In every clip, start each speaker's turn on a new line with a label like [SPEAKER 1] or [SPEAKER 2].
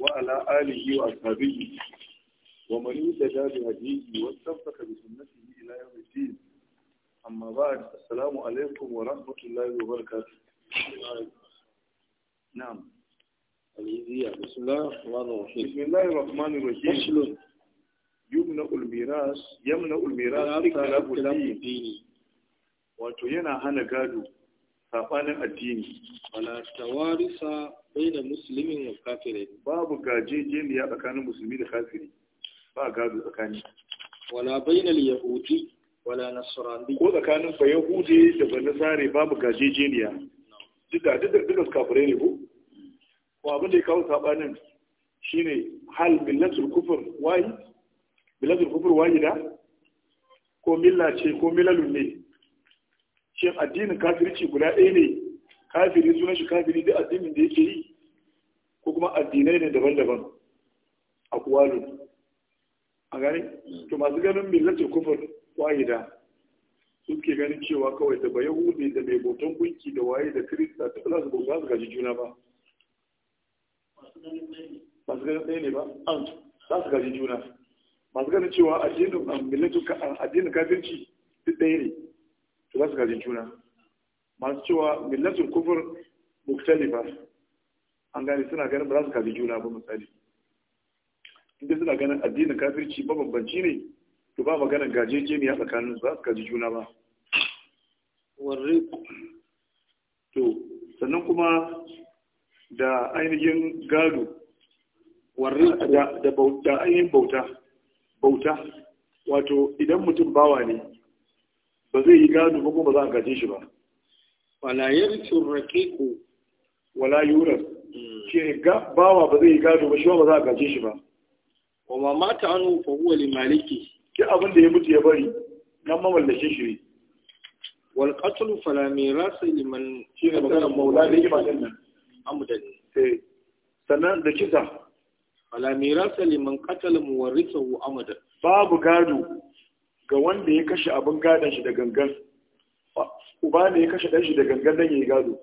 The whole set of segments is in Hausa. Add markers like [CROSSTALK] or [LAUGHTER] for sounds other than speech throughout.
[SPEAKER 1] وعلى آله وأصحابه ومن يتجا بهديه واستمسك بسنته إلى يوم الدين أما بعد السلام عليكم ورحمة الله وبركاته نعم بسم الله الرحمن الرحيم بسم الله الرحمن الرحيم يمنع الميراث يمنع الميراث تلف الدين wato yana hana sabanin addini wala tawarisa baina muslimin wa kafirin babu gajejeniya tsakanin musulmi da kafiri ba gado tsakani wala bainal yahudi wala nasrani ko tsakanin ba yahudi da ba nasare babu gajejeniya duka duka duka kafire ne ko ko abin da ya kawo sabanin shine hal millatul kufr wai millatul kufr da ko milla ce ko milalun ne shin addinin kafirci guda ɗaya ne kafiri sunan shi kafiri da addinin da yake yi ko kuma addinai ne daban-daban a kuwalu a gani to masu ganin millatar kufur wahida suke ganin cewa kawai da ba hudu da mai boton gunki da waye da kirista ta za su bauta su gaji juna ba masu ganin ɗaya ne ba an za su gaji juna masu ganin cewa addinin millatul addinin kafirci duk ɗaya ne ba su juna masu cewa millatul kufur muktalifa an gane suna ganin ba za su gaji juna ba misali inda suna ganin addinin kafirci mabambanci ne to ba ne gajejeniya tsakanin su ba su gaji juna ba warri to sannan kuma da ainihin gado warri da ainihin bauta bauta wato idan mutum bawa ne ba zai yi gado ba kuma ba za a gaje shi ba wala yarju raqiqu wala yuras hmm. shi ga bawa ba zai yi gado ba shi ba za a gaje shi ba wa mata anu fa huwa li maliki ki abin da ya mutu ya bari nan mamallakin shi ne wal qatlu fala liman shi ne magana maula da yake ba nan amudan ne. Eh, sannan da kisa fala mirasa liman qatala muwarrithahu amadan babu gado ga wanda ya kashe abin gadon shi da gangan uba ne ya kashe dan shi da gangan dan yayi gado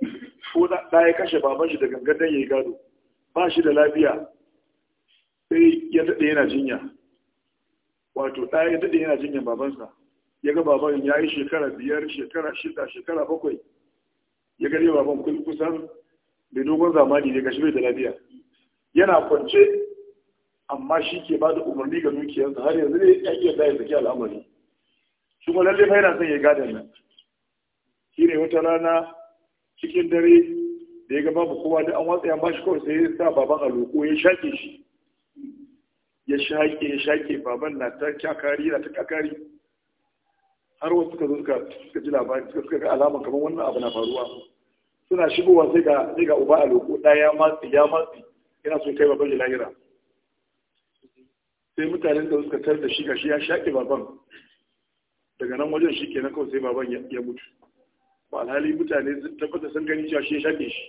[SPEAKER 1] ko da ya kashe baban shi da gangan dan yayi gado ba shi da lafiya sai ya daɗe yana jinya wato da ya daɗe yana jinyan babansa ya ga baban ya yi shekara biyar shekara shida shekara bakwai ya gare baban kusan da dogon zamani ne gashi bai da lafiya yana kwance amma shi ke ba da umarni ga dukiyarsa har yanzu ne ya iya zai zaki al'amari shi kuma lalle fa yana son ya gada nan shi ne wata rana cikin dare da ya ga babu kowa da an watsa ya bashi kawai sai ya sa baban a loko ya shaƙe shi ya shaƙe ya shaƙe baban na ta kakari na ta kakari har wasu suka zo suka ji labari suka ga alama kamar wannan abu na faruwa suna shigowa sai ga sai ga uba a loko ɗaya ya matsi ya matsi yana son kai baban lahira sai mutanen da suka tar da shi shi ya shaƙe baban daga nan wajen shi ke na kawai sai baban ya mutu ba alhali mutane sun tabbata sun gani cewa shi ya shaƙe shi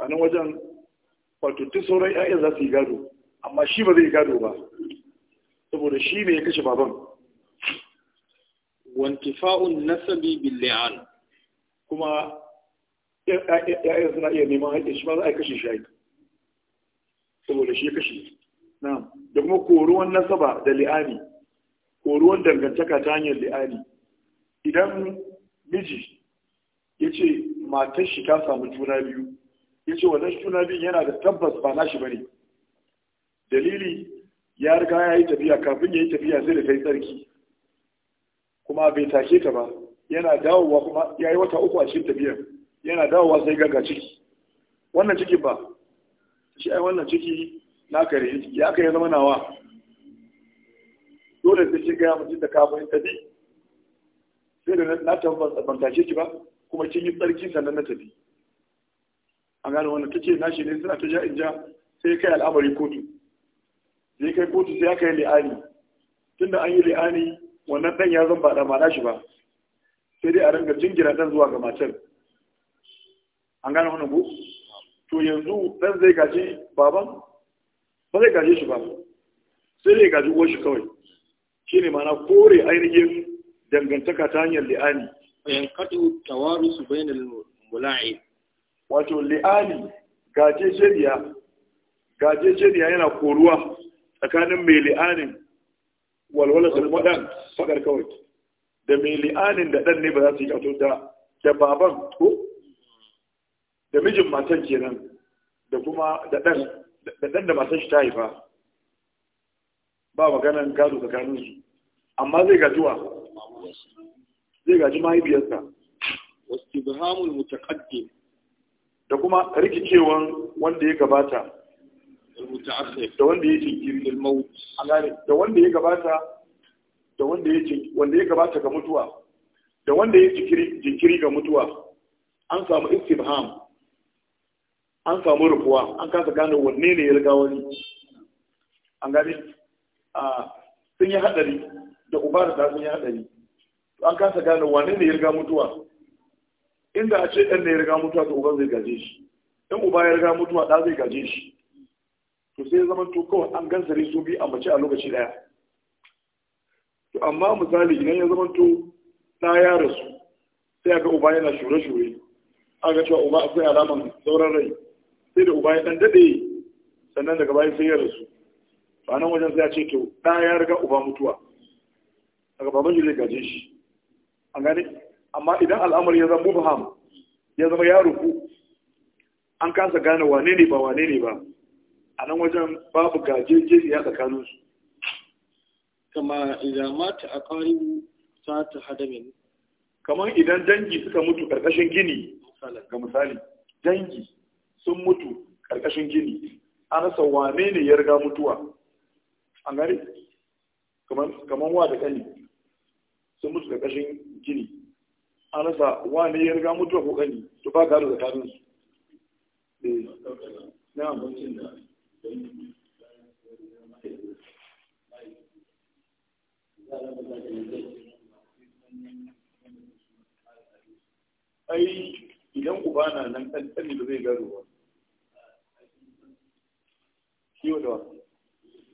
[SPEAKER 1] a nan wajen wato duk sauran 'ya'yan za su yi gado amma shi ba zai yi gado ba saboda shi ne ya kashe baban fa'un nasabi bil kuma ya'yan suna iya neman haƙe shi ba za a kashe shi saboda shi ya kashe na da kuma koruwan nasaba da li'ani koruwar dangantaka ta hanyar li'ani idan miji ya ce matar shi ta samu juna biyu ya ce wannan juna biyun yana da tabbas ba nashi ne. dalili ya riga ya yi tafiya kafin ya yi tafiya zai da kai tsarki kuma bai take ta ba yana dawowa kuma ya yi wata uku a cikin tafiyar yana dawowa sai gaga ciki wannan ciki ba shi ai wannan ciki na kare ya aka yi zama nawa dole sai shi gaya mutum da kafin ta sai da na tafi ban tashe ki ba kuma kin yi tsarki sannan na tafi an gane wannan ta ce na shi ne suna ta ja in ja sai kai al'amari kotu sai kai kotu sai aka yi li'ani tunda an yi li'ani wannan dan ya zan ba da mana shi ba sai dai a ringa jingira dan zuwa ga matar an gane wannan ko to yanzu dan zai gaji baban ba zai gaje shi ba sai dai gaji uwar shi kawai shine ma'ana kore ainihin dangantaka ta hanyar li'ani yankatu su bayan mula'i wato li'ani Gaje shariya yana koruwa tsakanin mai li'anin walwala salmadan faɗar kawai da mai li'anin da dan ne ba za su yi kato da da baban ko da mijin matan kenan da kuma da dan da dan da matan shi ta haifa ba maganan gado tsakaninsu amma zai gaji wa zai gaji mahaifiyarsa wastibhamul mutaqaddim da kuma rikicewan wanda ya gabata da wanda ya jinkiri da wanda ya gabata da wanda ya wanda ya gabata ga mutuwa da wanda ya jinkiri jinkiri ga mutuwa an samu istibham an samu rufuwa an kasa gane wanne ne ya riga wani an gane sun yi haɗari da uba da ta sun yi haɗari an kasa gane wane ne ya riga mutuwa inda a ce ɗan ne ya riga mutuwa to uba zai gaje shi in uba ya riga mutuwa ɗa zai gaje shi to sai zama to kawai an gansare su biyu a mace a lokaci ɗaya to amma misali idan ya zama to ɗa ya rasu sai a ga uba yana shure-shure a ga cewa uba akwai alaman sauran rai sai da uba ya ɗan daɗe sannan daga bayan sai ya rasu ba nan wajen sai ya ce to ɗa ya riga uba mutuwa daga baban shi zai gaje shi an gani amma idan al'amari ya zama mubham ya zama ya ruku an kasa gane wane ne ba wane ne ba a nan wajen babu gajeje ya tsakanin su kama idan mata a ƙarin ta hada min kamar idan dangi suka mutu ƙarƙashin gini ga misali dangi sun mutu ƙarƙashin gini an rasa wane ne ya riga mutuwa an gari kamar wa da kani sun mutu da ƙashin gini an rasa wa ne ya riga mutuwa ko kani to ba gado tsakanin su eh. na ai idan uba na nan ɗan da zai gado ba shi da wasu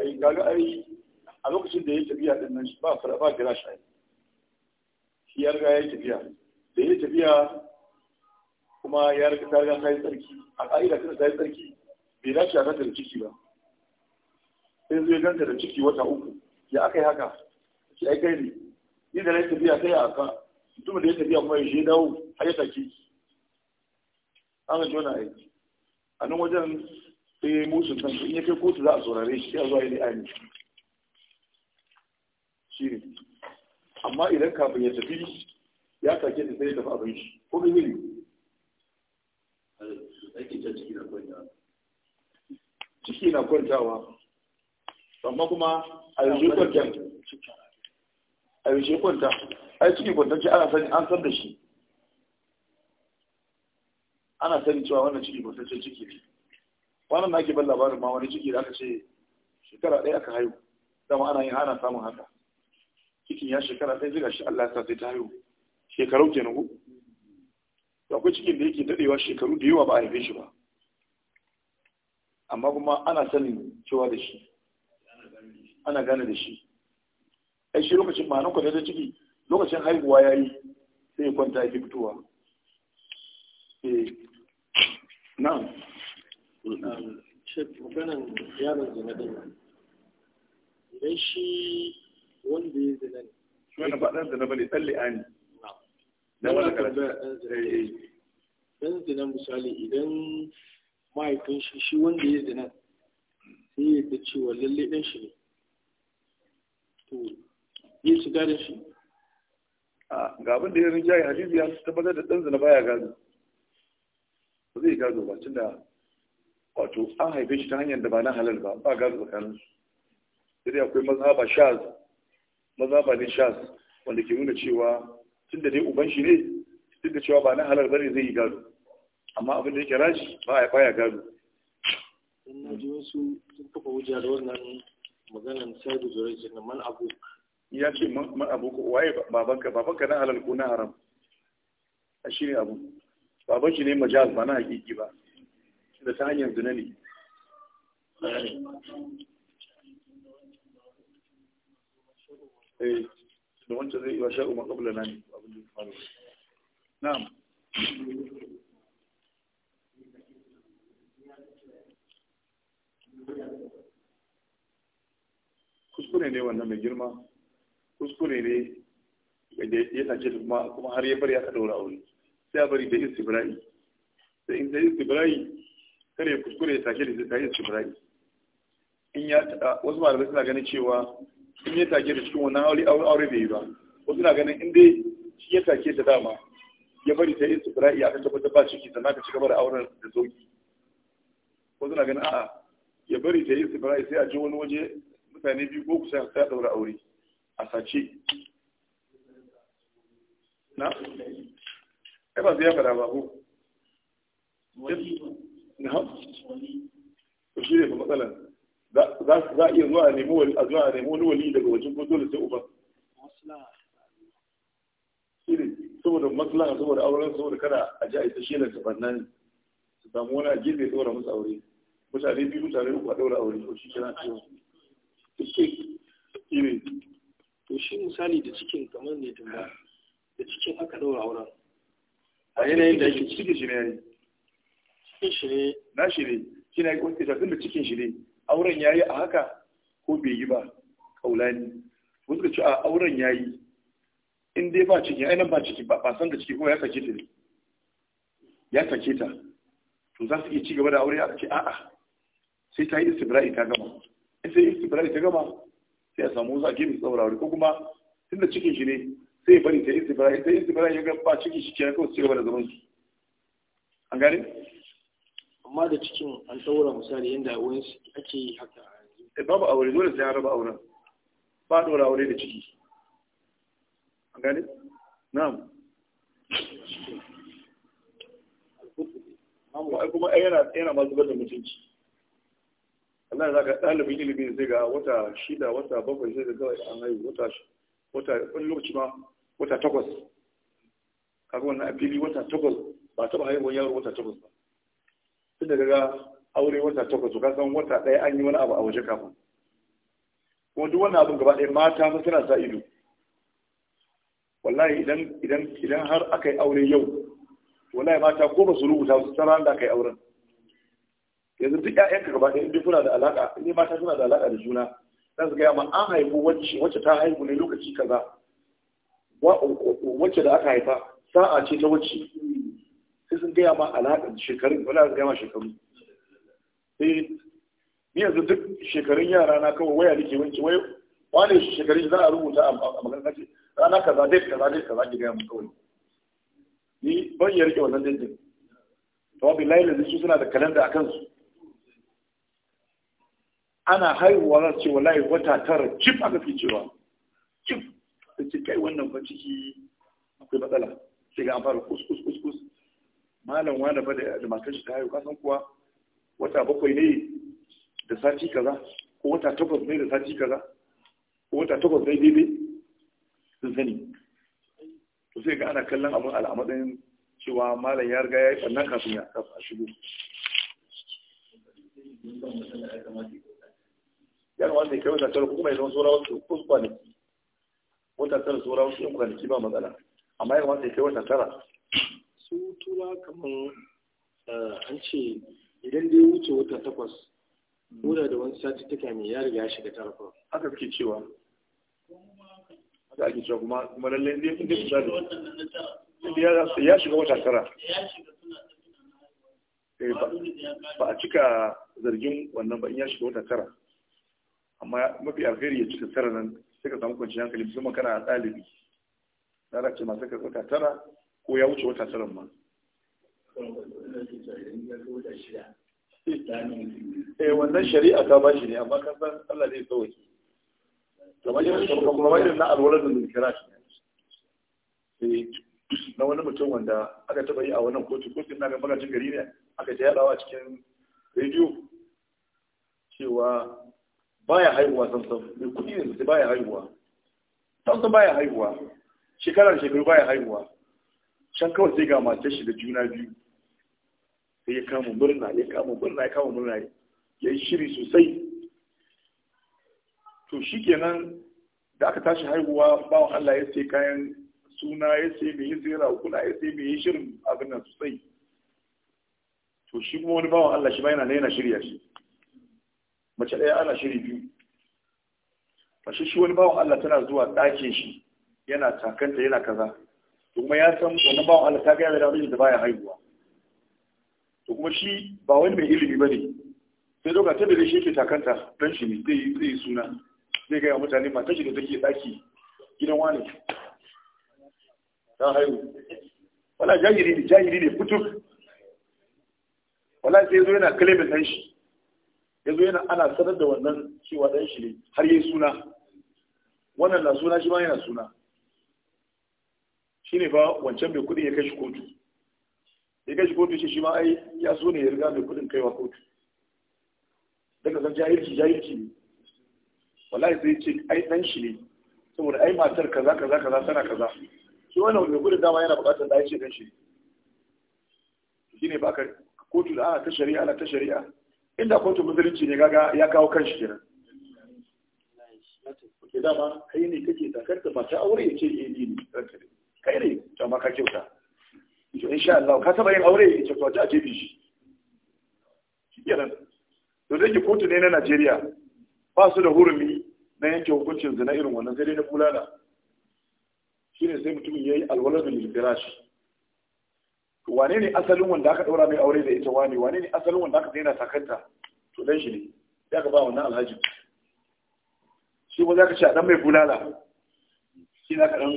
[SPEAKER 1] ai kaga ai a lokacin da ya tafiya din nan ba fara ba gira shi shi ya riga ya tafiya da ya tafiya kuma ya riga ta riga sai sarki a ka'ida tana sai sarki bai dace a kanta da ciki ba sai zai ganta da ciki wata uku ya aka yi haka shi ai kai ne ni da na tafiya sai a kan mutum da ya tafiya kuma ya je dawo har ya take an ga jona aiki a nan wajen sai ya eh, yi musu kan in ya kai kotu za a saurare shi ya zuwa yi li'ani shi ne amma idan kafin ya tafi ya sake da sai ya tafi abin shi ko bai zai ciki na kwantawa amma kuma a yanzu kwanta a yanzu kwanta a ciki ce ana sani an san da shi ana sani cewa wannan ciki ce ciki ne kwanan na ke ban labarin ma wani ciki da aka ce shekara ɗaya aka haihu dama ana yin hana samun haka cikin ya shekara ɗaya zira shi Allah ya sai ta haihu shekaru ke nugu to akwai cikin da yake dadewa shekaru da yawa ba a haife shi ba amma kuma ana sanin cewa da shi ana gane da shi ai shi lokacin ma'anar nan kwanar ciki lokacin haihuwa ya yi sai kwanta ya fi fitowa eh na'am shek maganan yaron zina din idan shi wanda ya zina ne wannan ba ɗan zina bane tsalle ani na wani karatu eh, eh. ɗan zina misali idan mahaifin shi shi wanda ya zina sai ya ga cewa lalle dan shi ne to ya shiga da shi ga abin da ya rinjaye hadisi ya tabbatar da dan zina baya gado ba zai gado ba tun da. wato an haife shi ta hanyar da ba na halal ba ba gazu tsakanin su sai akwai ba shaz mazhaba ne shaz wanda ke nuna cewa tun da dai uban shi ne tun da cewa ba na halal ba ne zai yi gado amma abin da yake rashi ba ya baya gado dan na ji wasu sun kafa hujja da wannan maganar sai da zurai jinna man abu ya ce man abu ko waye babanka babanka na halal ko na haram a shi ne abu baban shi ne majaz ba na hakiki ba da ta hanyar zina ne eh, da wancan zai iya sha'u makabla na ne abin da faru na'am kuskure ne wannan mai girma kuskure ne da ya sace kuma har ya bari ya ka daura aure sai ya bari da istibra'i da in da kare ya kuskure ya take da zai cikin rai in ya wasu malamai suna ganin cewa in ya take da cikin wannan aure aure bai yi ba wasu na ganin in dai shi ya take da dama ya bari ta yi tsibirai a kan tabbatar ba ciki sannan ka ci gaba da auren da zoki wasu na ganin a'a ya bari ta yi tsibirai sai a je wani waje mutane biyu ko kusa sai a daura aure a sace na ai ba zai ya fada ba ko shi ne matsalar za a iya zuwa a nemi a zuwa nemi wani wali daga wajen ko da sai uba shi ne saboda maslaha saboda auren saboda kada a ji a ita shi ne tafanna ne su samu wani a gefe ɗora musu aure mutane biyu mutane uku a ɗaura aure ko shi kira cewa shi ne to shi misali da cikin kamar ne da cikin aka ɗaura auren a yanayin da ake ciki da shi ne cikin shi na shi ne yi na wanda ta tunda cikin shi ne auren yi a haka ko bai yi ba kaulani wasu ka ce a auren yi in dai ba ciki ainihin ba ciki ba san da ciki kuma ya sake ta ne ya sake ta to za su iya ci gaba da aure a ce a'a sai ta yi istibra'i ta gama in sai istibra'i ta gama sai a samu wasu a gefe saboda aure ko kuma tun da cikin shi ne sai bari ta istibra'i ta istibra'i ya ga ba cikin shi kenan kawai su ci gaba da zaman su an gane amma da cikin an ɗaura misali yadda wani ake yi haka eh, babu aure dole sai ya raba auren ba ɗora aure da ciki an gane na'am kuma yana yana ma zubar da mutunci Allah za ka ɗalibi ilimin zai ga wata shida wata bakwai zai ga an haihu wata wata wani lokaci ma wata takwas kaga wannan a fili wata takwas ba taɓa haihuwar yaro wata takwas ba tun da kaga aure wata takwas su kasan wata ɗaya an yi wani abu a waje kafin kuma duk wannan abin gaba ɗaya mata sun suna sa ido wallahi idan idan idan har aka yi aure yau wallahi mata ko ba su rubuta su tsara da aka yi auren yanzu duk ƴaƴanka gaba ɗaya duk kuna da alaƙa ne mata suna da alaƙa da juna za su gaya ma an haihu wacce wacce ta haihu ne lokaci kaza wacce da aka haifa sa'a ce ta wacce sai sun gaya ma da shekarun wani a gama shekaru sai ni yanzu duk shekarun yara na kawai waya nake wanke wai wane shekarun za a rubuta a magana ce rana ka zaɗe ka zaɗe ka zaɗe gaya mu kawai ni ban yi rike wannan dindin to abin layi da su suna da kalanda a kansu ana haihuwa za su ce wallahi wata tara cif aka fi cewa cif da ce kai wannan ba ciki akwai matsala sai ga an fara kus kus kus kus malam wani ba da matan shi ta haihu kasan kuwa wata bakwai ne da sati kaza ko wata takwas ne da sati kaza ko wata takwas ne daidai sun sani to sai ga ana kallon abin al'amarin cewa malam ya riga ya yi ɓannan kafin ya kafa shigo yan wanda kai wata tara kuma ya zama saura wasu ko kwanaki wata tara saura wasu yan kwanaki ba matsala amma yan wanda kai wata tara su tura kamar eh, an ce idan dai wuce wata takwas koda da wani sati ta kame ya riga ya shiga tarfa haka suke cewa haka ake cewa kuma kuma lalle ne ya fi tsari inda ya shiga wata tara eh, ba a cika zargin wannan ba in ya shiga wata tara amma mafi alheri ya cika tara nan sai ka samu kwanciyar hankali musamman kana a ɗalibi na race masu ka tsaka tara ko ya wuce wata tsarin ma eh wannan shari'a ta ba shi ne amma kan san Allah zai tsawaki kamar wani na alwalar da zikirat ne eh, na wani mutum wanda aka taba yi a wannan kotu kotun na gaba cikin gari ne aka ta yadawa cikin rediyo cewa baya haihuwa samsam mai kudi ne sai baya haihuwa samsam baya haihuwa shekarar shekaru baya haihuwa can kawai sai ga matar shi da juna biyu sai ya kama murna ya kama murna ya kama murna ya yi shiri sosai to shi kenan da aka tashi haihuwa bawan Allah ya sai kayan suna ya sai mai yi zira kuna ya sai mai yi shirin abin nan sosai to shi kuma wani bawan Allah shi ba yana yana shirya shi mace ɗaya ana shiri biyu fashe shi wani bawan Allah tana zuwa ɗakin shi yana takanta yana kaza to kuma ya san wannan ba Allah ta gaya da mijin da baya haihuwa to kuma shi ba wani mai ilimi bane sai doka ta da shi ke takanta dan shi ne zai yi suna zai gaya mutane mata tashi da take daki gidan wani ta haihu wala jahiri ne jahiri ne fituk wala sai zo yana kalebin dan shi yazo yana ana sanar da wannan cewa dan shi ne har yayi suna wannan na suna shi ma yana suna shi ne fa wancan mai kuɗi ya kashi kotu ya kashi kotu shi shi ma ai ya so ne ya riga mai kuɗin kaiwa kotu daga san jahilci jahilci ne wallahi sai ce ai dan shi ne saboda ai matar kaza kaza kaza tana kaza shi wannan mai kudin dama yana buƙatar da ya ce dan shi ne shi ne ba kotu da ana ta shari'a ana ta shari'a inda kotu musulunci ne gaga ya kawo kan shi kenan ke dama kai ne kake takarta ta aure ya ce ne ranka ne kai ne to ma ka kyauta to insha Allah ka saba yin aure ya ce to ta ce bishi kenan to dai kotu ne na Najeriya ba su da hurumi na yanke hukuncin zina irin wannan sai dai na bulala shine sai mutum yayi alwaladu lil firash to wane ne asalin wanda aka daura mai aure da ita wane, wane ne asalin wanda aka daina sakanta to dan shi ne sai ka ba wannan alhaji shi ba za ka ci a dan mai bulala shi za ka dan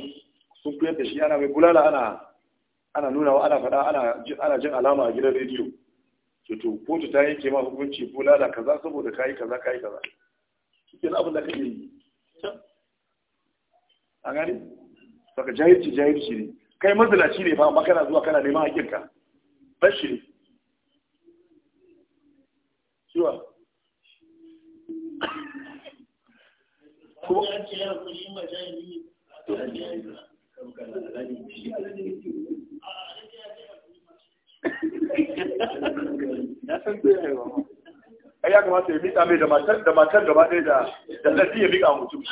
[SPEAKER 1] sun kuyar da shi ana mai bulala ana ana nuna wa ana faɗa ana jin alama a gidan rediyo to kotu ta yanke ma hukunci bulala kaza saboda kayi kaza kayi kaza cikin abin da kake yi a gani saka jahilci jahilci ne kai mazalaci ne fa amma kana zuwa kana neman hakinka bashi ne zuwa kuma ya ai ya kamata ya miƙa mai da matar da matar gaba ɗaya da da lafi ya miƙa mutum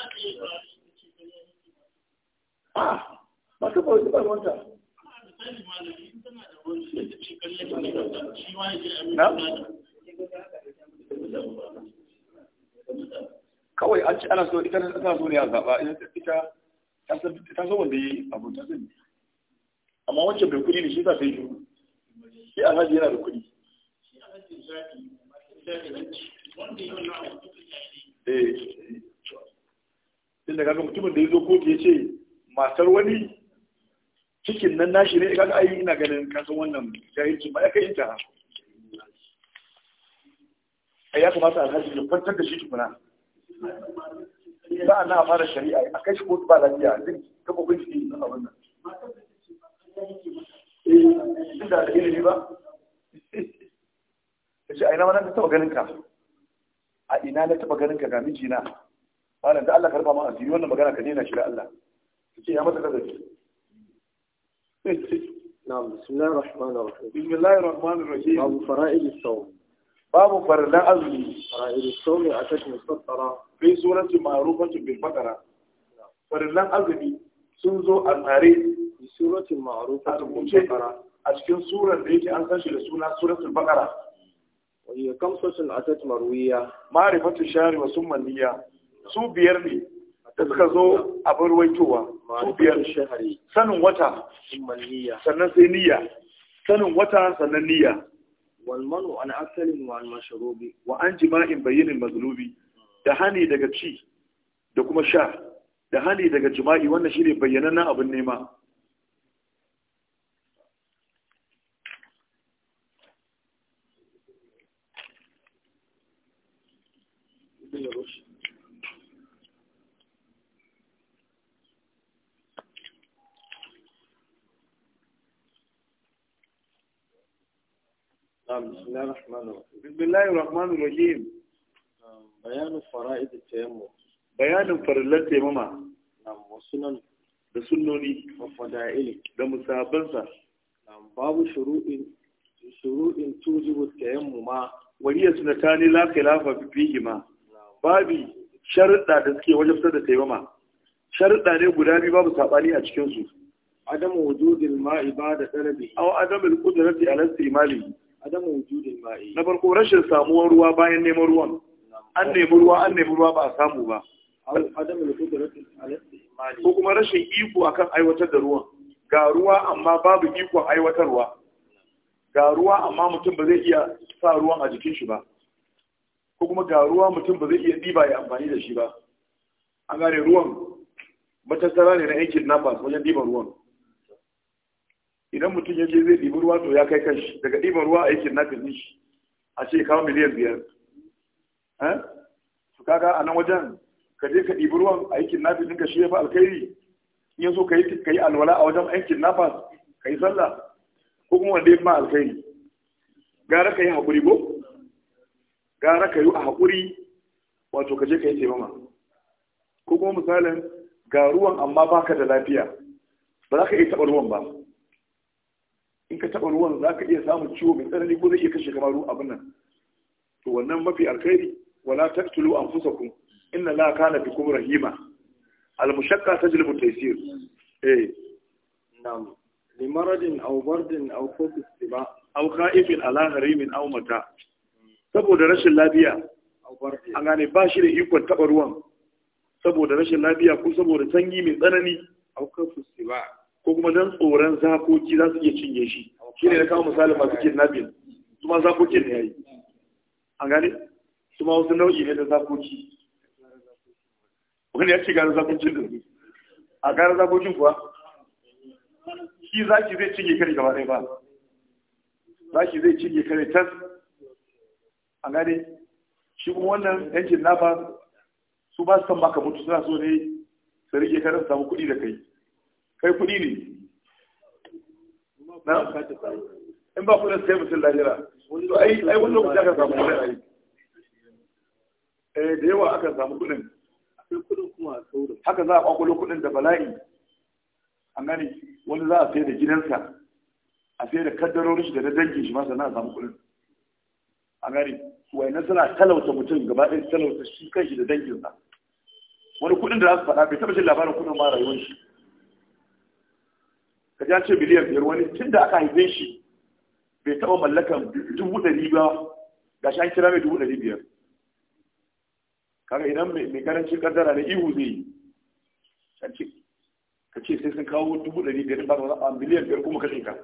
[SPEAKER 1] ah ba ta kawai ba wanta kawai an ci ana so ita na so ne a zaɓa ita ta so wanda ya yi abu ta sani amma wancan bai kuɗi ne shi sa sai yi shi alhaji yana da kuɗi eh. tun da kaga mutumin da ya zo kotu ya ce matar wani cikin nan nashi ne kaga ai ina ganin kasan wannan jahilci ba ya kai ta ya kamata alhaji ya kwantar da shi tukuna sa'an a fara shari'a a kai shi kotu ba lafiya a zai kafa bincike na abin nan eh da ilimi ba kace a ina wannan ta taba ganin ka a ina na taba ganin ka ga mijina wannan da Allah karba ma asiri wannan magana ka daina shi da Allah kace ya mata kaza na'am bismillahir rahmanir babu fara'id sawm babu azumi fara'id as-sawm fi suratin ma'rufatin bil baqara farillan azumi sun zo a tsare bi suratin ma'rufatin bil a cikin surar da yake an san shi da suna suratul baqara wa hiya kamsatun atat marwiya ma'rifatu shari wa summa niyya su biyar ne da suka zo a bar waitowa su biyar sanin wata sannan sai niyya sanin wata sannan niyya والمنع Wa أكل وعن مشروب وعن جماع بين المغلوب da hani daga ci da kuma sha da hani daga jima'i wannan shi ne bayyanannen abin nema بسم الله الرحمن الرحيم bayanin fara'id tayammum bayanin farillar taimama na wasunan da sunnoni wa fada'ili da musabansa nam babu shuru'in shuru'in tujibu tayammuma wa hiya sunatani la khilafa ma babi sharuɗa da suke wajen fitar da taimama sharuɗa ne guda biyu babu saɓani a cikin su adamu wujudil ma'i ba da talabi aw adamu qudrati ala istimali adamu wujudil ma'i na farko rashin samuwar ruwa bayan neman ruwan an nemi ruwa an nemi ruwa ba a samu ba ko kuma rashin iko akan aiwatar da ruwan ga ruwa amma babu iko aiwatarwa ga ruwa amma mutum ba zai iya sa ruwan a jikin shi ba ko kuma ga ruwa mutum ba zai iya diba ya amfani da shi ba an gane ruwan matattara ne na na ba wajen diba ruwan idan mutum ya je zai ɗibi ruwa to ya kai kanshi daga diba ruwa a na nafas shi a ce kawo miliyan biyar su eh? kaga a nan wajen ka je ka ɗibi ruwan a yi kidnapping ɗinka shi ya fi alkhairi in yanzu ka yi alwala a wajen aikin kidnappers ka yi sallah ko kuma wanda ya fi ma alkhairi gara ka yi haƙuri ko gara ka yi a haƙuri wato ka je ka yi taimama ko kuma misalin ga ruwan amma baka da lafiya ba za ka iya taɓa ruwan ba in ka taɓa ruwan za ka iya samun ciwo mai tsanani ko zai iya kashe kamar ruwan abin nan to wannan mafi alkhairi wala تقتلوا انفسكم ان الله كان بكم rahima al تجلب التيسير at نعم لمرض او برد او خوف استباء او خائف على غريم او متاع saboda rashin lafiya an gane ba shi da ikon taba ruwan saboda rashin lafiya ko saboda sanyi mai tsanani او khawf istiba ko kuma dan tsoron zakoki za su iya cinye shi shine na kawo misalin masu kidnapping kuma zakokin ne yayi an gane kuma wasu nau'i ne da zakoki wani ya ce gara zakokin da su a gara zakokin kuwa shi zaki zai cinye kare gaba ɗaya ba zaki zai cinye kare tas a gane shi kuma wannan yankin nafa su ba su san baka mutu suna so ne su rike kare samu kuɗi da kai kai kuɗi ne na in ba kuɗin sai mutum lahira ai wani lokaci ka samu kuɗin a yi eh da yawa aka samu kuɗin akwai kuma saurin haka za a kwakwalo kuɗin da bala'i an gani wani za a sai da gidansa a sai da kaddarori shi da na dangin shi masa na a samu kuɗin an gani wai na suna talauta mutum gaba ɗaya talauta shi kan shi da danginsa wani kuɗin da za su faɗa bai taɓa shi labarin kuɗin ma rayuwar shi ka ja ce miliyan biyar wani tun da aka haife shi bai taɓa mallakan dubu ɗari ba gashi an kira mai dubu ɗari biyar kaga idan mai karancin kaddara na ihu zai yi ka ce sai sun kawo dubu ɗari biyar ba a miliyan biyar kuma kashe ka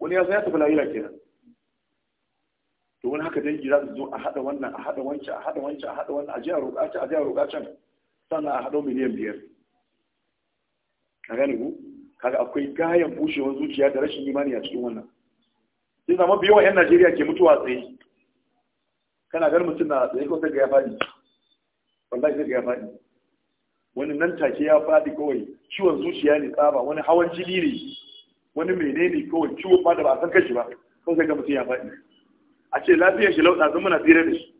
[SPEAKER 1] wani ya san ya tafi lahira kenan to wani haka dangi za su zo a haɗa wannan a haɗa wancan a haɗa wancan a haɗa wannan a jiya roƙa can a jiya roƙa can sannan a haɗo miliyan biyar ka gane ku kaga akwai gayan bushewar zuciya da rashin imani a cikin wannan sai zama biyawa 'yan najeriya ke mutuwa tsaye kana gar mutum na tsaye ko ga ya faɗi wallahi sai ga ya faɗi wani nan take ya faɗi kawai ciwon zuciya ne tsaba wani hawan jini ne wani menene kawai ciwon ba da ba san kashi ba kawai sai ga mutum ya faɗi a ce lafiyar shi lauɗa zan muna tsere da shi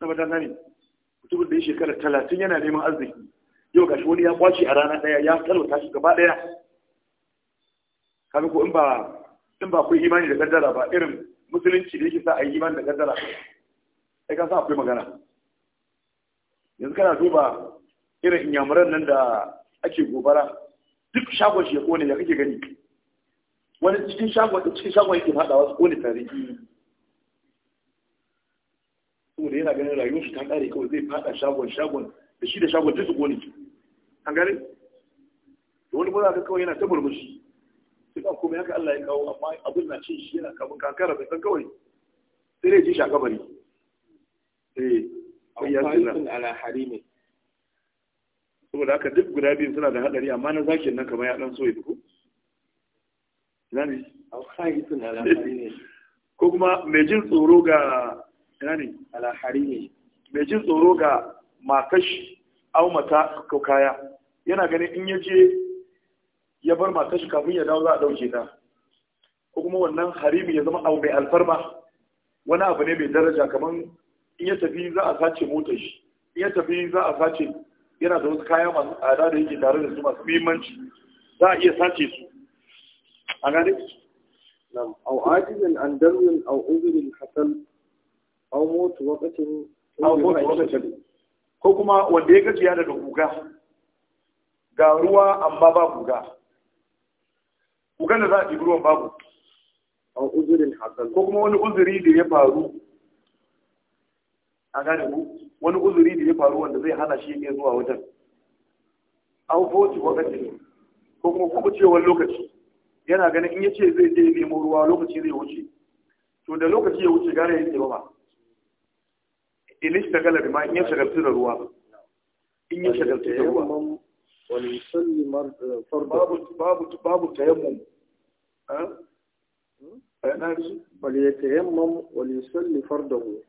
[SPEAKER 1] saboda sani mutumin da ya shekara talatin yana neman arziki yau gashi wani ya kwace a rana ɗaya ya talauta shi gaba ɗaya kaga ko in ba in ba ku imani da gaddara ba irin musulunci da yake sa a yi iman da kaddara sai ka sa akwai magana yanzu kana duba irin inyamuran nan da ake gobara duk shagon shi ya kone ya kake gani wani cikin shagon da cikin shagon yake fada su kone tare saboda yana ganin rayuwar shi ta kare kawai zai fada shagon shagon da shi da shagon duk su kone an da wani ba za ka kawai yana ta murmushi sai ba kuma haka Allah ya kawo amma abin na cin shi yana kamun kankara bai san kawai sai dai ji shi a kabari eh ayyukan ala harimi saboda haka duk guda biyu suna da hadari amma na zakin nan kamar ya dan so ya duku ina ne ayyukan ala [LAUGHS] harimi ko kuma mai jin tsoro ga ina ne ala harimi mai jin tsoro ga matashi au mata kaya yana ganin in ya je ya bar mata shi kafin ya dawo za a ɗauke ta ko kuma wannan harimi ya zama abu mai alfarma wani abu ne mai daraja kamar in ya tafi za a sace motar shi in ya tafi za a sace yana da wasu kaya masu tsada da yake tare da su masu muhimmanci za a iya sace su a gane nam au ajizan an darwin au uzurin hasan au motu wakatin au motu wakatin ko kuma wanda ya gajiya daga guga ga ruwa amma ba guga kukan za a ɗibi ruwan babu an uzurin hasan ko kuma wani uzuri da ya faru a gane ku wani uzuri da ya faru wanda zai hana shi iya zuwa wajen an foci wakati ko kuma kubucewar lokaci yana ganin in ya ce zai je nemo ruwa lokaci zai wuce to da lokaci ya wuce gane ya ba ba ilish ta ma in ya shagaltu da ruwa in ya shagaltu da ruwa eh, babu babu babu tayammum bal ya tayammam wal yusalli fardahu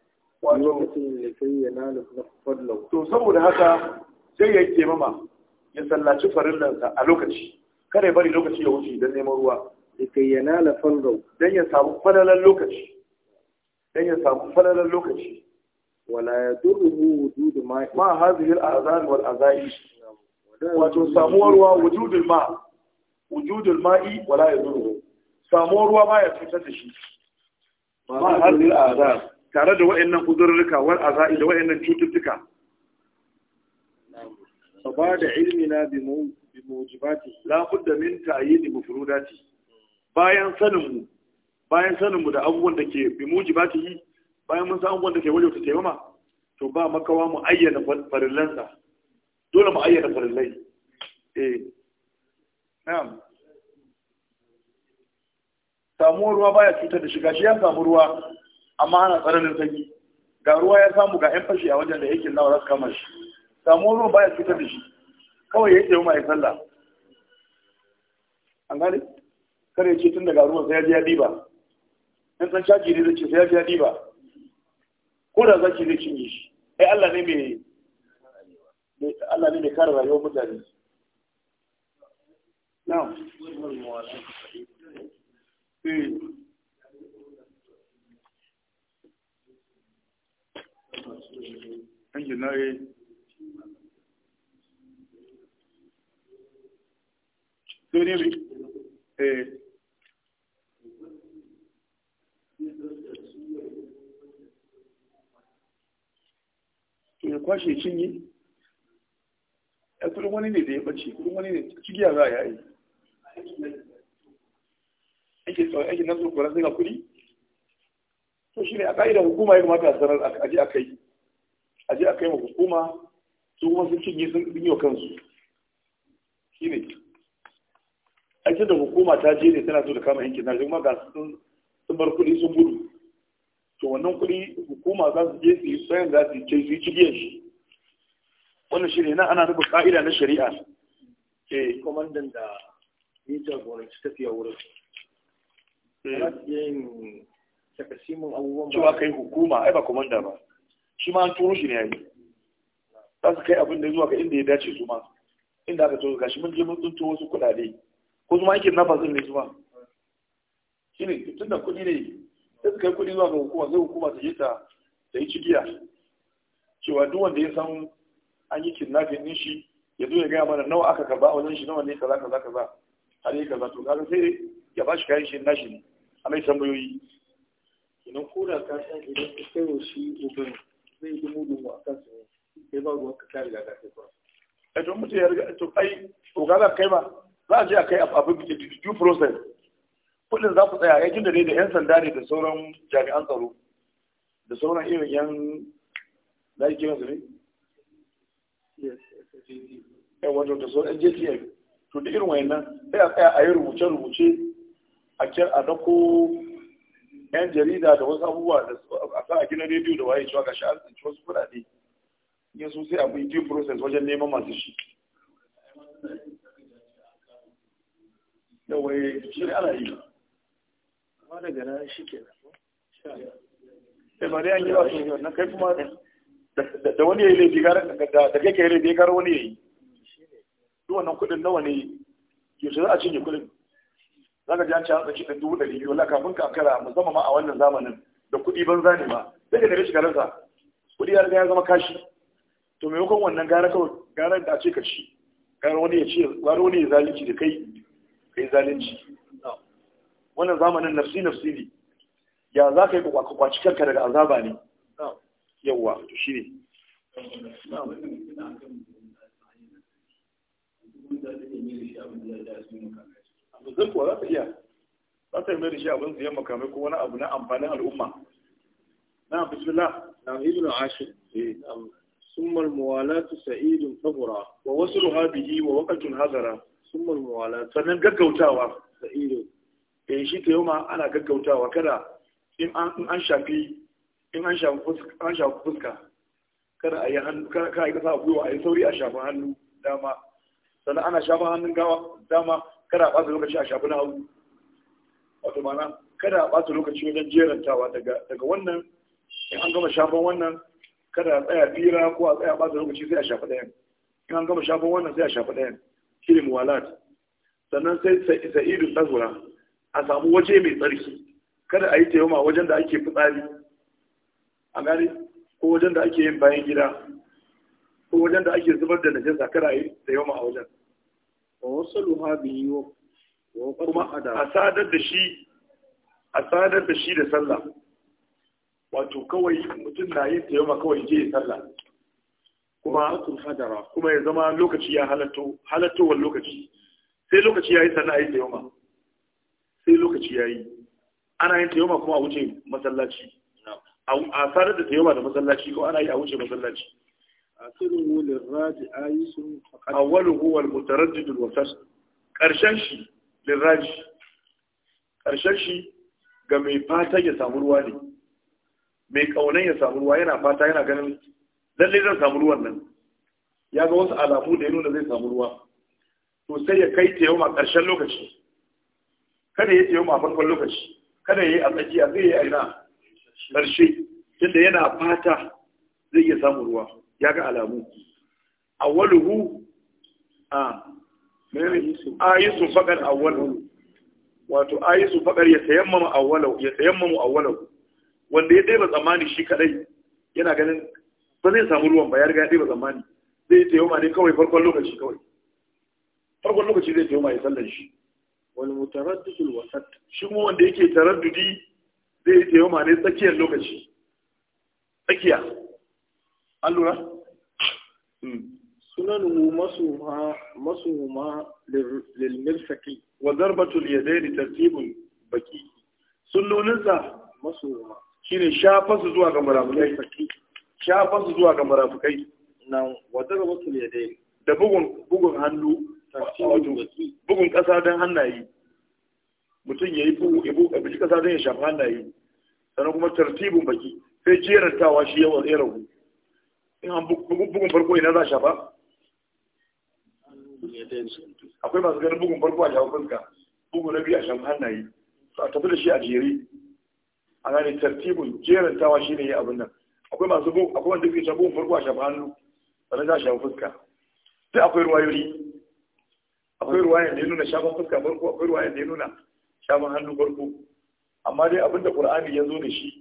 [SPEAKER 1] lokacin da kai ya nalo na fardahu to saboda haka sai ya ke mama ya sallaci farillansa a lokaci kada ya bari lokaci ya wuce don neman ruwa da kai ya nalo fardahu dan ya samu falalan lokaci dan ya samu falalan lokaci wala ya durruhu wujudu ma ma hadhihi al-azan wal azai wato samuwar ruwa wujudul ma wujudul ma'i wala ya durruhu samuwar ruwa ya cutar da shi
[SPEAKER 2] Ba ma a azar?
[SPEAKER 1] tare da wa'annan uzurruka wal azai da wa'annan cututtuka ba da ilmina bi mujibati la budda min ta'yin mufrudati bayan sanin mu bayan sanin mu da abubuwan da ke bi mujibati bayan mun san abubuwan da ke wajen ta taimama to ba makawa mu ayyana farillansa dole mu ayyana farillai eh na'am samuwar ruwa baya cutar da shi ya samu ruwa amma ana tsananin sanyi ga ruwa ya samu ga yan fashi a wajen da yake nawa za su kama shi samu ruwa baya cutar da shi kawai ya yi tsaye mai sallah an gane kare ce tun daga ruwa sai ya ji ya diba in san caji ne zai ce sai ya ji ya diba ko da zaki zai cinye shi ai Allah ne mai Allah ne mai kare rayuwar mutane na'am Ɗan na eh. Sai ne Eh. ya kwashe cinye ya kudin wani ne da ya ɓace kudin wani ne cikiya a ake tsawon ake nan tsoron zai ga kuɗi to shi ne a ƙa'ida hukuma ya kamata a sanar a je a kai a je a kai ma hukuma su kuma sun cinye sun ɗin yau kansu shi ne aikin da hukuma ta je ne tana so da kama yankin na kuma ga sun bar kuɗi sun gudu to wannan kuɗi hukuma za su je su yi tsayin za su ce su yi cibiyar shi wannan shi ne na ana nufin ƙa'ida na shari'a ke eh, komandan da ni jagoranci tafiya wurin Eh. yin takasimin abubuwan cewa kai hukuma ai ba komanda ba shi ma an turo shi ne yayi za su kai abin da zuwa ga inda ya dace su ma inda aka tsoro gashi mun je mun tsinto wasu kuɗaɗe ko su ma yake nafa sun ne su ma shi ne tun da kuɗi ne sai su kai kuɗi zuwa ga hukuma sai hukuma ta je ta yi cigiya cewa duk wanda ya san an yi kidnapping din shi ya zo ya gaya mana nawa aka karba a wajen shi nawa ne kaza kaza kaza har yi kaza to kaga sai ya ba shi kayan shi nashi ne a tambayoyi idan ko da ka san idan ka kai wa shi ubin zai yi mudu a kan su sai ba ruwan ka kare gaga sai kuma a eh, to mutum ya riga to ai to gaga kai ma. za a je a kai abin da due process kudin za ku tsaya yakin da dai da yan sanda ne da sauran jami'an tsaro da sauran irin yan za ki kiransu ne yan wato da sauran jtf to da irin wayannan sai a tsaya a yi rubuce-rubuce a kir a dako yan jarida da wasu abubuwa da a sa a gina rediyo da waye cewa gashi an tsinci wasu kuɗaɗe yin su sai abu yi process wajen neman masu shi waye shi ana yi amma daga na shi ke da eh, bari an yi wasu na kai kuma da wani ya yi laifi da kai ka yi laifi gara wani ya yi duk wannan kuɗin nawa ne yanzu za a cinye kuɗin za ka ji an ci an tsaki ɗan dubu ɗari biyu la kafin kankara zama ma a wannan zamanin da kuɗi banza ne ma sai ka gare shi garinsa kuɗi ya riga ya zama kashi to maimakon wannan gara kawai gara da a ce ka ci gara wani ya ce gara wani ya zalunci da kai kai zalunci wannan zamanin nafsi nafsi ne ya za ka yi kwaci kanka daga azaba ne yawwa to shi ne Thank you. zai kuwa za ta iya Ba ta yi mai da shi abin ziyan makamai ko wani abu na amfanin al'umma na bismillah na ibn ashir ثم الموالاة سعيد صبرا ووصلها به ووقت هزرا ثم الموالاة sannan gaggautawa sa'idu eh shi ta yoma ana gaggautawa kada in an shafi fuska kada a yi hannu kada a yi kasa gwiwa a yi sauri a shafa hannu dama sannan ana shafa hannun dama kada a ɓata lokaci a shafi na hagu wato ma'ana kada a ɓata lokaci wajen jerantawa daga wannan in an gama shafan wannan kada a tsaya fira ko a tsaya ɓata lokaci sai a shafi ɗayan in an gama shafan wannan sai a shafi ɗayan shi muwalat sannan sai sa'idun tazura a samu waje mai tsarki kada a yi taimama wajen da ake fitsari a gani ko wajen da ake yin bayan gida ko wajen da ake zubar da najasa kada a yi taimama a wajen wasaluha bihi wa kuma a sadar da shi a da shi da sallah wato kawai mutum na yin tayyama kawai je yi sallah kuma kuma ya zama lokaci ya halatto halattowar lokaci sai lokaci ya yi sannan a yi sai lokaci ya yi ana yin tayyama kuma a wuce masallaci a sadar da tayyama da masallaci ko ana yi a wuce masallaci akhiruhu للراجع ayisun faqad awwaluhu wal mutaraddid wal fasl karshen shi ga mai fata ya samu ruwa ne mai kaunan ya samu ruwa yana fata yana ganin lalle zan samu ruwan nan ya ga wasu alamu da ya nuna zai samu ruwa to sai ya kai ta yau ma karshen lokaci kada ya ta yau ma farkon lokaci kada ya yi a tsakiya zai yi a ina ƙarshe tunda yana fata zai iya samun ruwa ya ga alamu awwaluhu a menene ayisu faqal awwaluhu wato ayisu faqal ya tayammama awwalahu ya tayammamu awwalahu wanda ya daiba tsammani shi kadai yana ganin ba zai samu ruwan ba ya riga ya daiba tsammani zai tayammama ne kawai farkon lokaci kawai farkon lokaci zai tayammama ya sallan shi wal mutaraddidul wasat shi kuma wanda yake taraddudi zai tayammama ne tsakiyar lokaci tsakiya an lura سنن hmm. masuha masuhuma للمرفق mirsaki اليدين ترتيب بكي tartibun baki sunnoninsa masuhuma shine زوا su zuwa ga murafukai shafa su zuwa ga murafukai nan wa darbatul da bugun bugun hannu bugun kasa don hannaye mutum ya yi bugu kasa don ya shafa hannaye kuma tartibun baki sai jerantawa shi ya ragu in an bugun farko ina za a shafa akwai masu ganin bugun farko a shafa fuska bugun na biyu a shafa hannaye a tafi da shi a jere a gane tartibin tawa shi ne abin nan akwai masu akwai wanda ke shafa bugun farko a shafa hannu sannan za a shafa fuska sai akwai ruwa ruwayoyi akwai ruwayan yadda ya nuna shafan fuska farko akwai ruwa yadda ya nuna shafan hannu farko amma dai abinda ƙur'ani ya zo da shi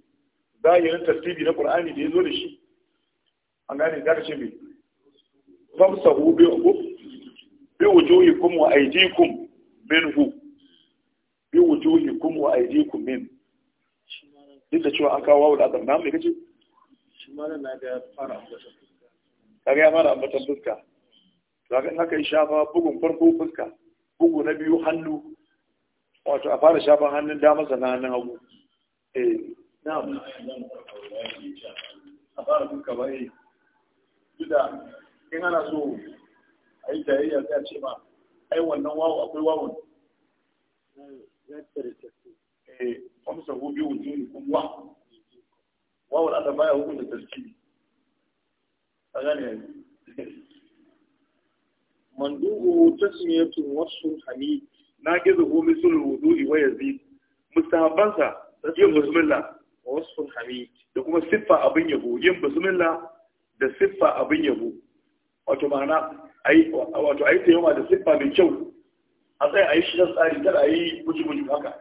[SPEAKER 1] Za a zahirin tartibi na ƙur'ani da ya zo da shi an gane za ka ce mai famsahu bi wujuhikum wa aydikum minhu bi wujuhikum wa aydikum min duk da cewa an kawo wawu da azam na mai kace shi ma na ga fara ambatan fuska kaga ya fara ambatan fuska zaka in aka yi shafa bugun farko fuska bugu na biyu hannu wato a fara shafa hannun dama sana nan hagu eh na a fara fuska ba eh da in ana so a yi jayayya sai a ce ma ai wannan wawo akwai wawon eh amsa hu bi wujudi kun wa wawon Allah baya hukunta tarkibi a gane wasu na gizo ko misul wudu'i yin bismillah da kuma siffa abin yabo yin bismillah da siffa abin yabo wato ma'ana wato a yi tayyama da siffa mai kyau a tsaye a yi shi da tsari kada a yi buji-buji haka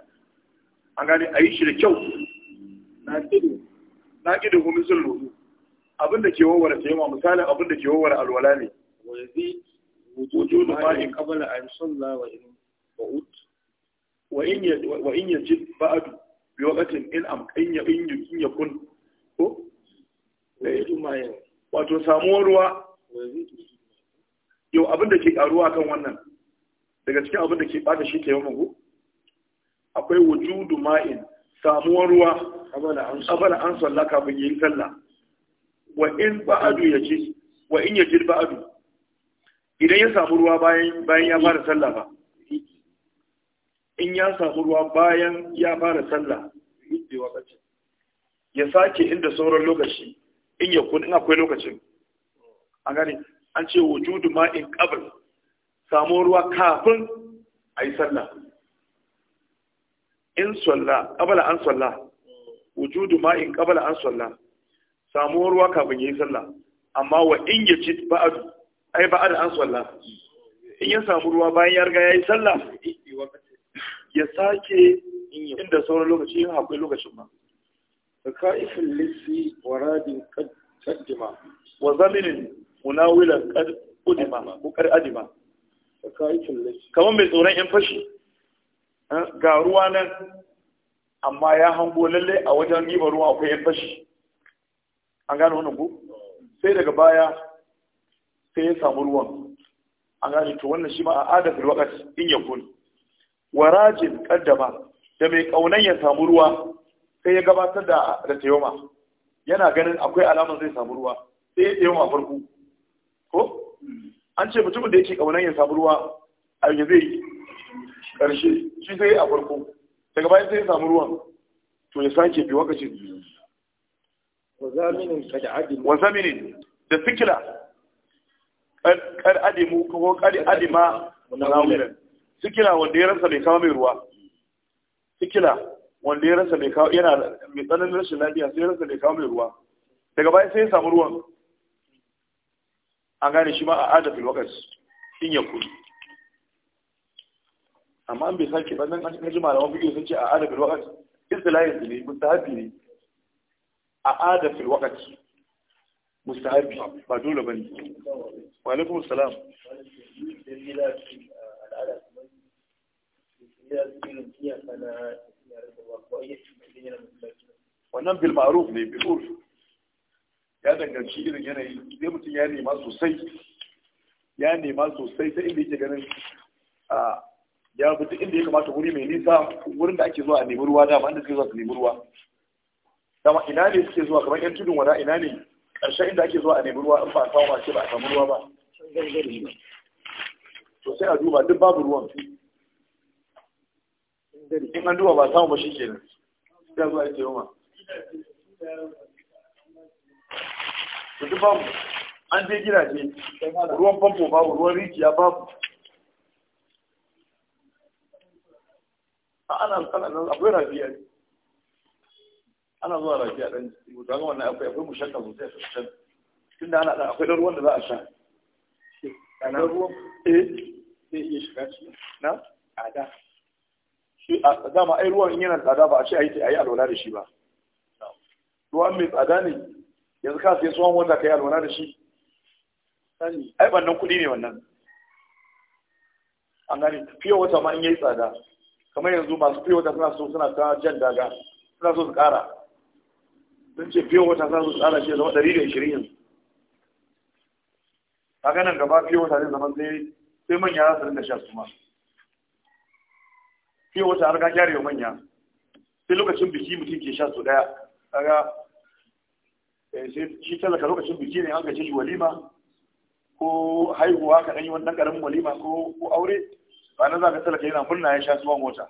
[SPEAKER 1] an gane a yi shi da kyau na ƙi na ƙidu kuma sun lulu abinda ke wawara tayyama misalin abinda ke wawara alwala ne wujudu an salla wa in ba'ud wa in yajid wa in yajid ba'du bi waqtin in am in yakun ko wato samuwar ruwa yau abin da ke karuwa kan wannan daga cikin abin da ke bada shi ta yawon akwai wujudu ma'in samuwar ruwa abala an salla kafin yin sallah wa in ba'adu ya ce wa in ya jir ba'adu idan ya samu ruwa bayan ya fara sallah ba in ya samu ruwa bayan ya fara sallah ya sake inda sauran lokaci in yakun in akwai lokacin an gani. an ce wujudu ma in qabl samu ruwa kafin ayi sallah in salla qabla an salla wujudu ma in qabla an salla samu ruwa kafin yayi sallah amma wa in yajid ba'd ai ba'd an salla in ya samu ruwa bayan ya riga yayi sallah ya sake inda sauran lokaci in akwai lokacin ma فكائف اللص وراد قد قدما وزمن مناولا قد قدما وقد أدما فكائف اللص كمان بيزورين ينفشي ga ruwa nan amma ya hango lalle a wajen riba ruwa akwai yan fashi an gane wannan ku sai daga baya sai ya samu ruwan an gane to wannan shi ma a adafin wakas in ya kun warajin kaddama da mai kaunan ya samu ruwa sai ya gabatar da da tayoma yana ganin akwai alamar zai samu ruwa sai ya tayoma farko ko an ce mutumin da yake kaunan ya samu ruwa a yanzu zai karshe shi sai a farko daga bayan sai ya samu ruwan to ya sake bi wakacin wa da sikila kar adimu ko kar adima munawilan sikila wanda ya rasa mai kama mai ruwa sikila wanda ya rasa mai kawo yana mai tsananin rashin lafiya sai ya rasa mai kawo mai ruwa daga baya sai ya samu ruwan an gane shi ma a adafin lokaci in ya kuri amma an bai sake ba nan an ji malaman fiƙi sun ce a adafin lokaci istilahin ne mustahabi ne a adafin lokaci mustahabi ba dole ba ne wa alaikum salam al'ada wannan bil ma'ruf ne bil ya danganci irin yanayi sai mutum ya nema sosai ya nema sosai ta inda yake ganin a ya fita inda ya kamata wuri mai nisa wurin da ake zuwa a nemi ruwa dama inda suke zuwa su nemi ruwa dama ina ne suke zuwa kamar yan tudun wada ina ne ƙarshen inda ake zuwa a nemi ruwa in ba a samu ba ce ba a samu ruwa ba to sai a duba duk babu ruwan in an duba ba samu ba shi kenan ya zuwa ya taimama duk babu an je gidaje ruwan famfo babu ruwan rijiya babu ana nan akwai rafiya ne ana zuwa rafiya ɗan ga wannan akwai akwai mu shakka sosai a can tunda ana ɗan akwai ruwan da za a sha ana ruwan eh zai iya shiga ciki na a da shi a dama ai ruwan in yana tsada ba a ce a yi yi alwala da shi ba ruwan mai tsada ne yanzu ka sai tsohon wanda ka yi alwala da shi ai bannan kuɗi ne wannan an gani fiye wata ma in yi tsada kamar yanzu masu fiye wata suna so suna ta jan daga suna so su ƙara sun ce fiye wata suna so su ƙara shi zama ɗari da ashirin yanzu A nan gaba fiye wata zai zama sai sai manya za su rinka sha su ma sai wata har ka kyare wa manya sai lokacin biki mutum ke sha su daya kaga eh, shi talaka lokacin biki ne an gace shi walima ko haihuwa ka ɗan yi wannan ƙaramin walima ko aure ba na za ka talaka yana murna ya sha suwan wata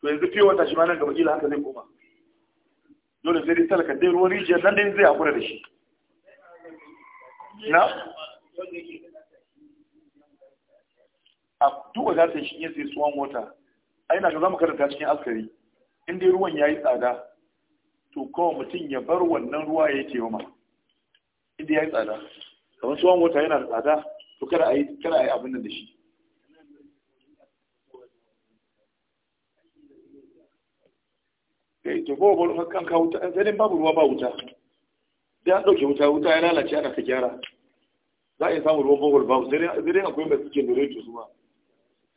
[SPEAKER 1] to yanzu fiye wata shi ma nan gaba kila haka zai koma dole sai dai talaka dai ruwan rijiyar nan dai zai hakura da shi na a duk ta shi yin sai suwan wata aina ga zamu karanta cikin askari in dai ruwan yayi tsada to kawai mutum ya bar wannan ruwa ya ce ma in dai yayi tsada kamar tsohon wata yana da tsada to kada a yi kada abin da shi kai eh, to ko bol kan ka wuta sai babu ruwa ba wuta da an dauke wuta wuta ya lalace ana ta gyara za a yi samun ruwan bohol babu sai dai akwai mai suke da rage su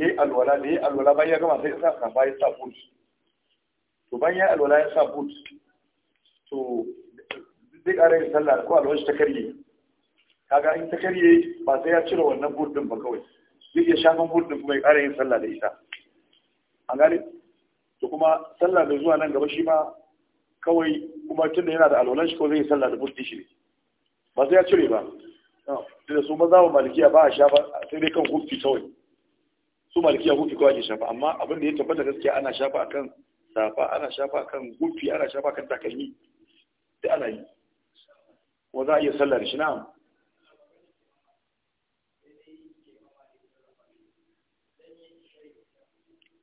[SPEAKER 1] ya yi alwala da ya yi alwala bayan ya gama sai ya sa safa ya sa boot to bayan ya yi alwala ya sa boot to zai ƙara yin sallah ko alwashi ta karye kaga in ta karye ba sai ya cire wannan boot din ba kawai zai iya shafan boot din kuma ya ƙara yin sallah da ita an gane to kuma sallah da zuwa nan gaba shi ma kawai kuma tun da yana da alwalan shi ko zai yi sallah da boot din shi ne ba sai ya cire ba da su maza wa malikiya ba a sha ba sai dai kan hufi kawai su ya hufi kawai ke shafa amma abin da ya tabbata gaskiya ana shafa akan safa ana shafa akan hufi ana shafa akan takalmi da ana yi wa za a iya sallar shi na'am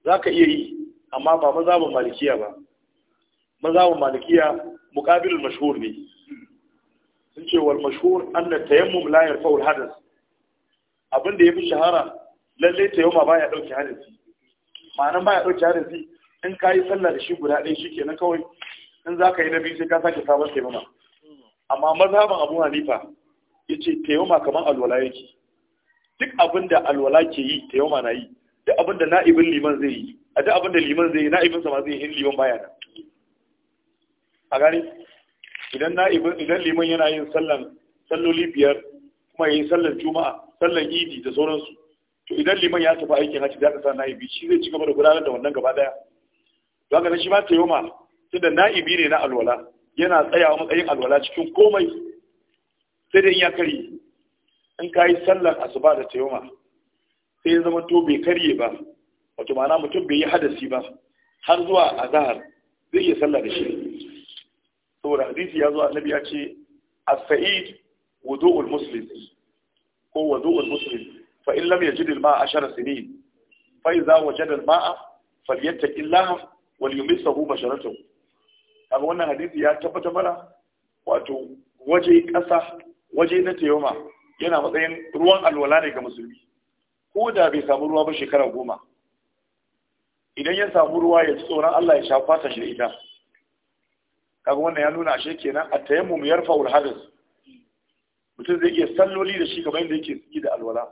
[SPEAKER 1] za ka iya yi amma ba mazabin malikiya ba mazabin malikiya mukabilul mashhur ne sun ce wal mashhur da tayammum la yarfa'ul hadas abin da yafi shahara lalle tayammuma baya ɗauki harafi ma'anan baya ɗauki harafi in ka yi sallah da shi guda ɗaya shi kenan kawai in za ka yi na biyu sai ka sake sabon taimama amma mazhaban abu hanifa ya ce taimama kamar alwala yake duk abin da alwala ke yi taimama na yi duk abin da na'ibin liman zai yi a duk abin da liman zai yi na'ibin sa ma zai yi in liman baya nan a gani idan na'ibin idan liman yana yin sallan salloli biyar kuma ya yi sallan juma'a sallan idi da sauransu to idan liman ya tafi aikin hajji da aka sa na'ibi shi zai ci gaba da gudanar da wannan gaba daya don haka shi ma tayoma tunda na'ibi ne na alwala yana tsayawa matsayin alwala cikin komai sai dai in ya karye in ka yi sallar asuba da tayoma sai ya zama to bai karye ba wato ma'ana mutum bai yi hadasi ba har zuwa azahar zai iya sallah da shi saboda hadisi ya zo annabi ya ce as-sa'id wudu'ul muslim ko wudu'ul muslim fa in lam yajid al-ma'a ashara sinin fa idza wajada al-ma'a falyattaqi Allah wal yumissahu basharatuhu kaga wannan hadisi ya tabbata mana wato waje ƙasa waje na tayoma yana matsayin ruwan alwala ne ga musulmi ko da bai samu ruwa ba shekara goma idan ya samu ruwa ya ci tsoron Allah ya shafa ta shi da ita kaga wannan ya nuna ashe kenan a tayammum yarfa hadas mutum zai iya salloli da shi kamar yadda yake yi da alwala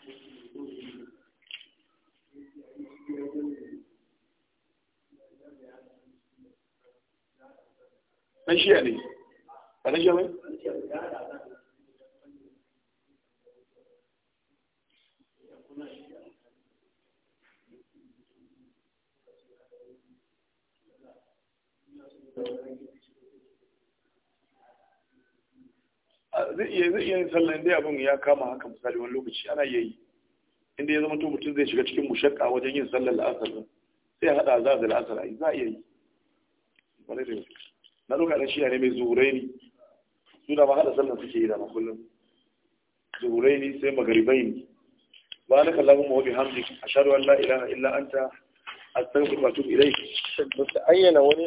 [SPEAKER 1] shiya ne shiya ne zai iya zai iya sallan dai abin ya kama haka misali wani lokaci ana iya yi inda ya zama to mutum zai shiga cikin mushakka wajen yin sallar la'asar sai ya hada za da la'asar a yi za a iya yi na ɗauka na shiya ne mai zuhurai ne su da mahaɗa sallan suke yi da ma kullum zuhurai ne sai magaribai ne ba na kallon mu wabi hamdi a shaɗu an la'ila illa anta a tsarin kwatu ilai da ayyana wani